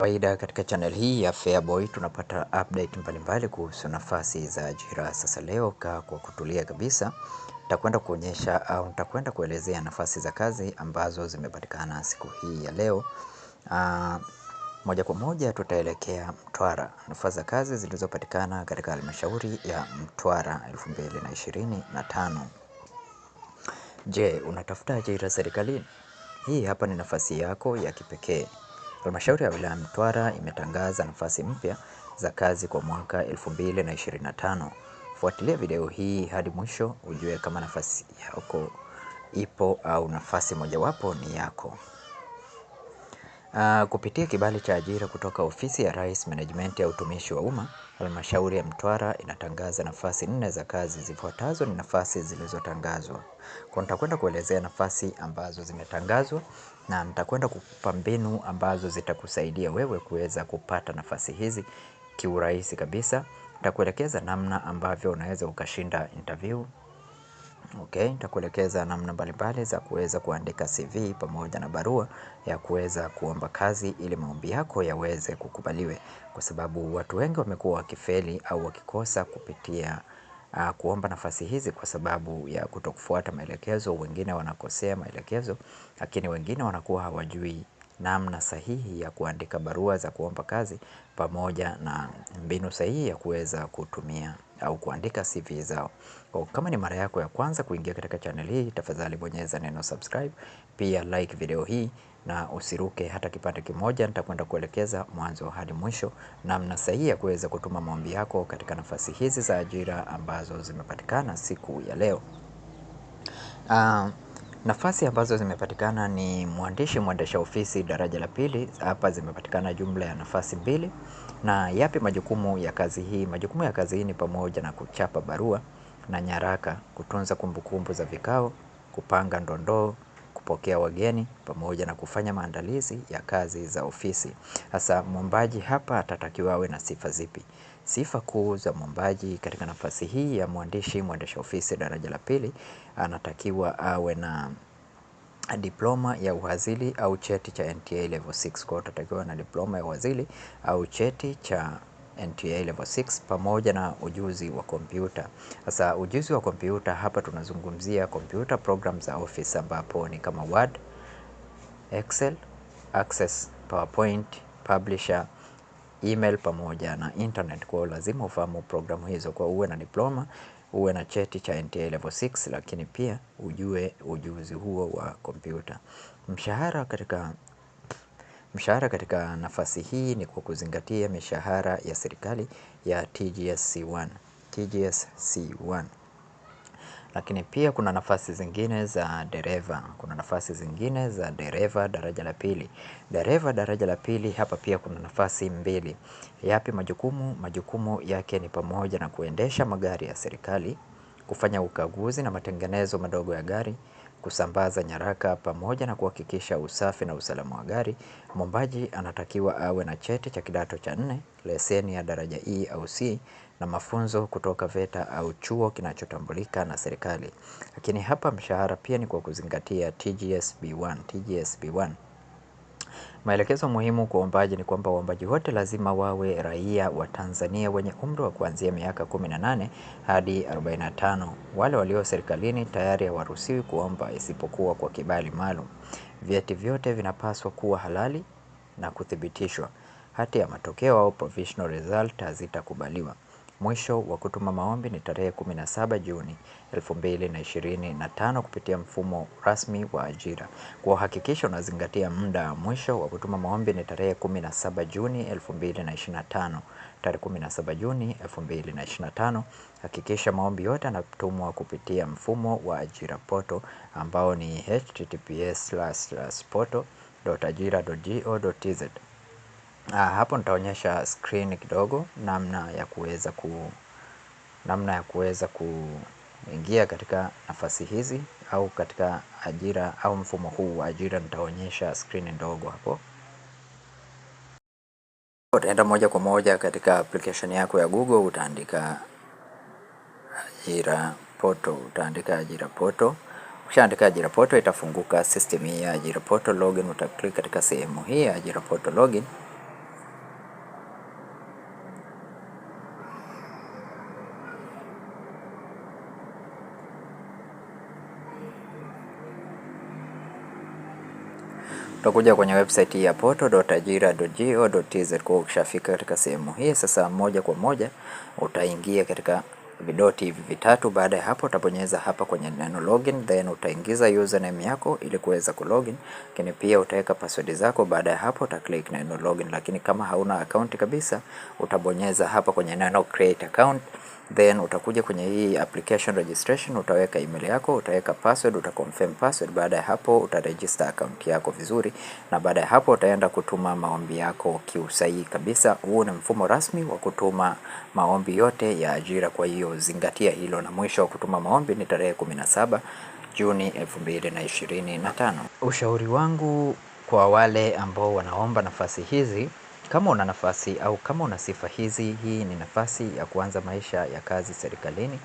Kawaida katika channel hii ya Fairboy tunapata update mbalimbali kuhusu nafasi za ajira. Sasa leo kaa kwa kutulia kabisa, nitakwenda kuonyesha au nitakwenda kuelezea nafasi za kazi ambazo zimepatikana siku hii ya leo. Aa, ah, moja kwa moja tutaelekea Mtwara. Nafasi za kazi zilizopatikana katika halmashauri ya Mtwara 2025. Je, unatafuta ajira serikalini? Hii hapa ni nafasi yako ya kipekee. Halmashauri ya wilaya Mtwara imetangaza nafasi mpya za kazi kwa mwaka 2025. Fuatilia video hii hadi mwisho ujue kama nafasi yako ipo au nafasi mojawapo ni yako. Uh, kupitia kibali cha ajira kutoka ofisi ya Rais Management ya Utumishi wa Umma, Halmashauri ya Mtwara inatangaza nafasi nne za kazi. Zifuatazo ni nafasi zilizotangazwa. Kwa nitakwenda kuelezea nafasi ambazo zimetangazwa na nitakwenda kukupa mbinu ambazo zitakusaidia wewe kuweza kupata nafasi hizi kiurahisi kabisa. Nitakuelekeza namna ambavyo unaweza ukashinda interview. Okay, nitakuelekeza namna mbalimbali za kuweza kuandika CV pamoja na barua ya kuweza kuomba kazi ili maombi yako yaweze kukubaliwe, kwa sababu watu wengi wamekuwa wakifeli au wakikosa kupitia uh, kuomba nafasi hizi kwa sababu ya kutokufuata maelekezo. Wengine wanakosea maelekezo, lakini wengine wanakuwa hawajui namna sahihi ya kuandika barua za kuomba kazi pamoja na mbinu sahihi ya kuweza kutumia au kuandika CV zao. Kwa kama ni mara yako ya kwanza kuingia katika channel hii, tafadhali bonyeza neno subscribe, pia like video hii na usiruke hata kipande kimoja. Nitakwenda kuelekeza mwanzo hadi mwisho namna sahihi ya kuweza kutuma maombi yako katika nafasi hizi za ajira ambazo zimepatikana siku ya leo. Uh, Nafasi ambazo zimepatikana ni mwandishi mwendesha ofisi daraja la pili. Hapa zimepatikana jumla ya nafasi mbili. Na yapi majukumu ya kazi hii? Majukumu ya kazi hii ni pamoja na kuchapa barua na nyaraka, kutunza kumbukumbu za vikao, kupanga ndondoo kupokea wageni pamoja na kufanya maandalizi ya kazi za ofisi. Hasa mwombaji hapa atatakiwa awe na sifa zipi? Sifa kuu za mwombaji katika nafasi hii ya mwandishi mwendesha ofisi daraja la pili anatakiwa awe na diploma ya uhazili au cheti cha NTA level 6 kwa hiyo atatakiwa na diploma ya uhazili au cheti cha NTA level 6 pamoja na ujuzi wa kompyuta. Sasa ujuzi wa kompyuta hapa tunazungumzia kompyuta program za office ambapo ni kama Word, Excel, Access, PowerPoint, Publisher, email pamoja na internet. Kwa lazima ufahamu programu hizo, kwa uwe na diploma, uwe na cheti cha NTA level 6, lakini pia ujue ujuzi huo wa kompyuta. Mshahara katika Mshahara katika nafasi hii ni kwa kuzingatia mishahara ya serikali ya TGSC1 TGSC1 lakini pia kuna nafasi zingine za dereva. Kuna nafasi zingine za dereva daraja la pili. Dereva daraja la pili hapa pia kuna nafasi mbili. Yapi majukumu? Majukumu yake ni pamoja na kuendesha magari ya serikali, kufanya ukaguzi na matengenezo madogo ya gari, kusambaza nyaraka pamoja na kuhakikisha usafi na usalama wa gari, mwombaji anatakiwa awe na cheti cha kidato cha nne, leseni ya daraja E au C na mafunzo kutoka VETA au chuo kinachotambulika na serikali. Lakini hapa mshahara pia ni kwa kuzingatia TGSB1. TGSB1 Maelekezo muhimu kwa waombaji ni kwamba waombaji wote lazima wawe raia wa Tanzania wenye umri wa kuanzia miaka 18 hadi 45. Wale walio serikalini tayari hawaruhusiwi kuomba isipokuwa kwa kibali maalum. Vyeti vyote vinapaswa kuwa halali na kuthibitishwa. Hati ya matokeo au provisional result hazitakubaliwa. Mwisho wa kutuma maombi ni tarehe 17 Juni 2025 kupitia mfumo rasmi wa ajira. kwa Kuhakikisha unazingatia muda, mwisho wa kutuma maombi ni tarehe 17 Juni 2025. Tarehe 17 Juni 2025, hakikisha maombi yote yanatumwa kupitia mfumo wa ajira poto ambao ni https potoajiragotz Ah, hapo nitaonyesha screen kidogo namna ya kuweza ku namna ya kuweza kuingia katika nafasi hizi au katika ajira au mfumo huu wa ajira nitaonyesha screen ndogo hapo. Utaenda moja kwa moja katika application yako ya Google utaandika ajira poto, utaandika ajira poto. Ukishaandika ajira poto itafunguka system hii ya ajira poto login, utaklik katika sehemu hii ya ajira poto login. utakuja kwenye website hii ya poto.ajira.go.tz. Kwa ukishafika katika sehemu hii sasa, moja kwa moja utaingia katika vidoti hivi vitatu. Baada ya hapo utabonyeza hapa kwenye neno login, then utaingiza username yako ili kuweza kulogin, lakini pia utaweka password zako. Baada ya hapo uta click neno login, lakini kama hauna account kabisa utabonyeza hapa kwenye neno create account then utakuja kwenye hii application registration, utaweka email yako, utaweka password, uta confirm password. Baada ya hapo utaregister account yako vizuri, na baada ya hapo utaenda kutuma maombi yako kiusahihi kabisa. Huu ni mfumo rasmi wa kutuma maombi yote ya ajira, kwa hiyo kuzingatia hilo, na mwisho wa kutuma maombi ni tarehe 17 Juni 2025. Ushauri wangu kwa wale ambao wanaomba nafasi hizi, kama una nafasi au kama una sifa hizi, hii ni nafasi ya kuanza maisha ya kazi serikalini.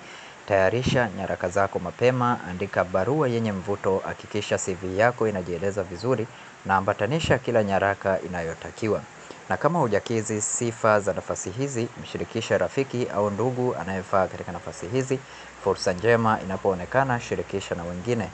Tayarisha nyaraka zako mapema, andika barua yenye mvuto, hakikisha CV yako inajieleza vizuri na ambatanisha kila nyaraka inayotakiwa na kama hujakizi sifa za nafasi hizi, mshirikishe rafiki au ndugu anayefaa katika nafasi hizi. Fursa njema inapoonekana, shirikisha na wengine.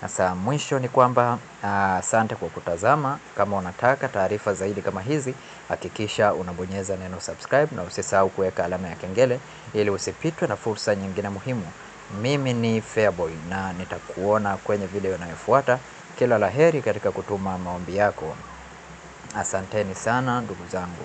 Sasa mwisho ni kwamba ah, asante kwa kutazama. Kama unataka taarifa zaidi kama hizi, hakikisha unabonyeza neno subscribe na usisahau kuweka alama ya kengele ili usipitwe na fursa nyingine muhimu. Mimi ni Feaboy na nitakuona kwenye video inayofuata. Kila la heri katika kutuma maombi yako. Asanteni sana ndugu zangu.